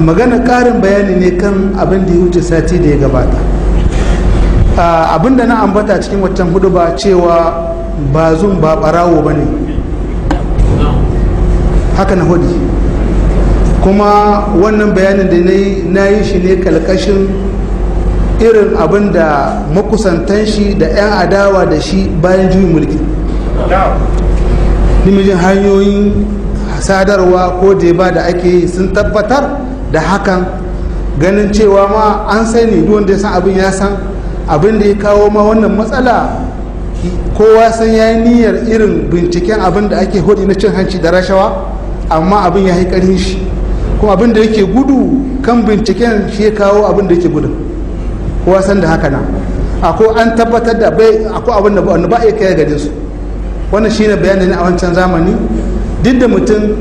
magana ƙarin bayani ne kan abin da ya wuce sati da ya gabata abin da na ambata cikin waccan hudu ba cewa ba zun ba barawo ba ne haka na hudu kuma wannan bayanin da na yi shi ne kalkashin irin abin da makusantan shi da 'yan adawa da shi bayan juyin mulki nimijin hanyoyin sadarwa ko ba da ake sun tabbatar da hakan ganin cewa ma an sani duk wanda ya san abin ya san abin da ya kawo ma wannan matsala kowa san ya yi niyyar irin binciken abin da ake hudu na cin hanci da rashawa amma abin ya yi ƙarfin shi kuma abin da yake gudu kan binciken shi ya kawo abin da yake gudun kowa san da haka na akwai an tabbatar da bai akwai abin da ba a iya kai garin su wannan shine bayanin a wancan zamani duk da mutum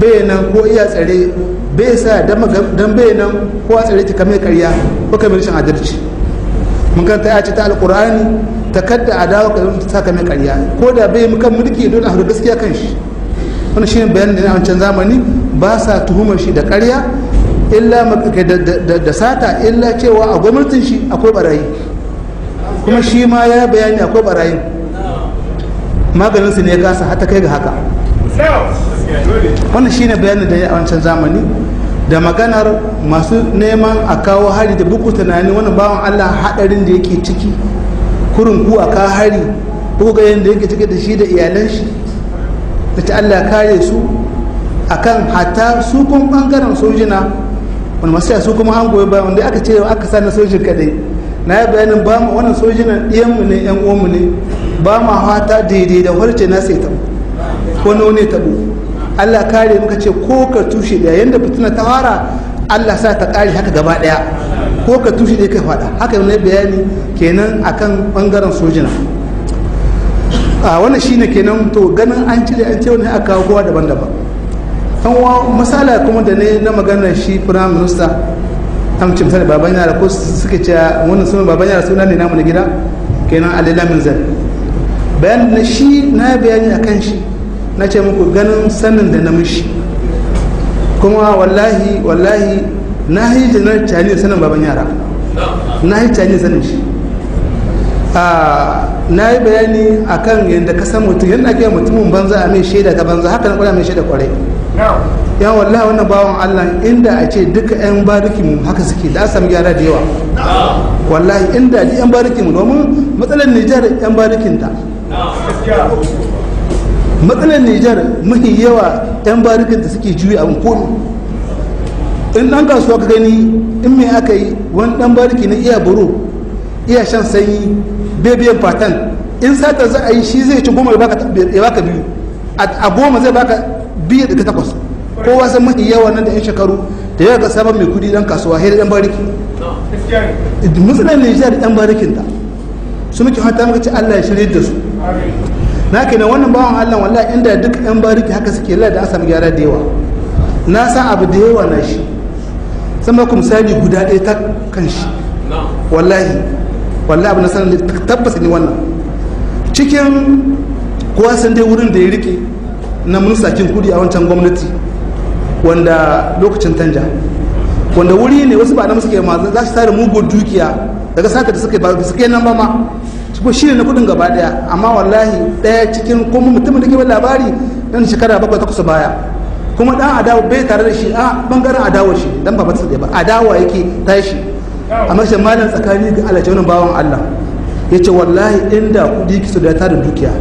bayanan ko iya tsare bai sa don bayanan ko a tsare ta kamar karya ko kamar rashin adalci mun kan ta ce ta alkurani ta kadda a ka zama ta kamar karya ko da bai mukan mulki don a hudu gaskiya kan shi Wani shi ne bayanan da na wancan zamani ba sa tuhumar shi da karya illa da sata illa cewa a gwamnatin shi akwai barayi kuma shi ma ya bayani akwai barayi maganin su ne ya kasa hata kai ga haka wannan shine bayanin da ya wancan zamani da maganar masu neman a kawo hari da buku tunani wani bawan allah hadarin da yake ciki kurin ku a kawo hari ko ga yadda yake ciki da shi da iyalan shi da ta allah kare su akan hata su kun bangaren sojina wani masu su kuma an goyi bayan wanda aka ce aka sa na sojin kadai na yi bayanin ba mu wannan sojinan ɗiyanmu ne ƴan uwanmu ne ba mu hata daidai da warce na sai tabo ko ne tabo Allah kare muka ce ko ka tushe da yanda fitina ta fara Allah sa ta kare haka gaba daya ko ka tushe da kai fada haka ne bayani kenan akan bangaren sojina a wannan shine kenan to ganin an cire an ce wani aka kowa daban-daban an wa misala kuma da ne na maganar shi prime minister tam ce misali baban yara ko suke ce wannan sunan baban yara suna ne namu na gida kenan alilamin min zai bayan na shi na bayani akan shi na ce muku ganin sanin da na mishi kuma wallahi wallahi na yi janar cani sanin baban yara na yi cani sanin shi ah, na yi bayani a kan yadda ka san mutum yadda ake mutumin banza a mai shaida ta banza haka na kwana mai shaida kwarai yan wallahi wannan bawan allah inda a ce duka yan barikin haka suke da asam gyara da yawa wallahi inda yan barikin domin matsalar nijar yan barikinta matsalar nijar mafi yawa 'yan barikin da suke juya abin komi in ɗan kasuwa ka gani in mai aka yi wani ɗan bariki na iya buru iya shan sanyi bebiyan fatan in sata za a yi shi zai ci goma ya baka biyu a goma zai baka biyu daga takwas kowa san mafi yawa nan da 'yan shekaru da yawa ga sabon mai kudi ɗan kasuwa hira ɗan bariki musulun nijar ɗan barikin ta su muke hata muka ci allah ya shirya da su na kenan wannan bawan allah wallahi inda duk yan bariki haka suke lalata an samu gyara da yawa na san abu da yawa na shi sama kuma misali guda ɗaya ta kan shi wallahi wallahi abu na sanar tabbas ne wannan cikin kowa san dai wurin da ya rike na minista kin kudi a wancan gwamnati wanda lokacin tanja wanda wuri ne wasu ba na suke ma za su tare mugun dukiya daga sata da suke ba su nan ba ma shi ne na kudin gaba daya amma wallahi daya cikin kuma mutumin da ke ba labari dan shekara bakwai takwas baya kuma dan adawa bai tare da shi a bangaren adawa shi dan ba batsa ba adawa yake tashi amma shi malam tsakani ga Allah bawan Allah yace wallahi inda kudi ki da ta da dukiya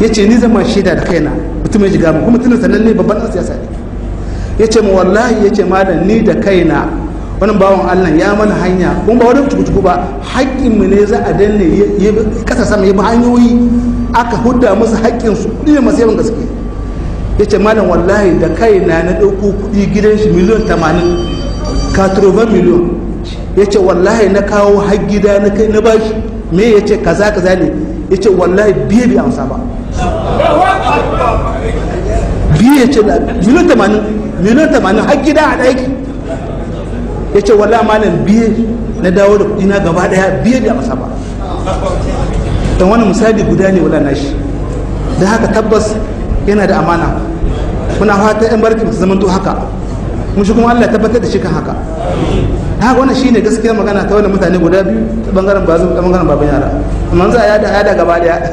yace ni zama shaida da kaina mutum ya shiga mu kuma tunan sananne babban dan siyasa ne yace mu wallahi yace malam ni da kaina wannan bawan allah ya mana hanya kun ba wani cuku ba mu ne za a danne ƙasa sama ya bi hanyoyi aka hudda musu haƙƙinsu kuɗi ne masu yawan gaske ya ce malam wallahi da kai na na ɗauko kuɗi gidan shi miliyan tamanin katrova miliyan ya ce wallahi na kawo har gida na kai na bashi me ya ce kaza kaza ne ya ce wallahi biye bi amsa ba biye ce miliyan tamanin miliyan tamanin har gida a ɗaki ya ce wala malam biye na dawo da kudina gaba daya biye da masa ba don wani misali guda ne wala nashi da haka tabbas yana da amana kuna fata yan barki su zamanto haka mun shi kuma Allah tabbatar da shi kan haka haka wannan shine gaskiyar magana ta wani mutane guda biyu ta bangaren bazu ta bangaren baban yara amma za a yada yada gaba daya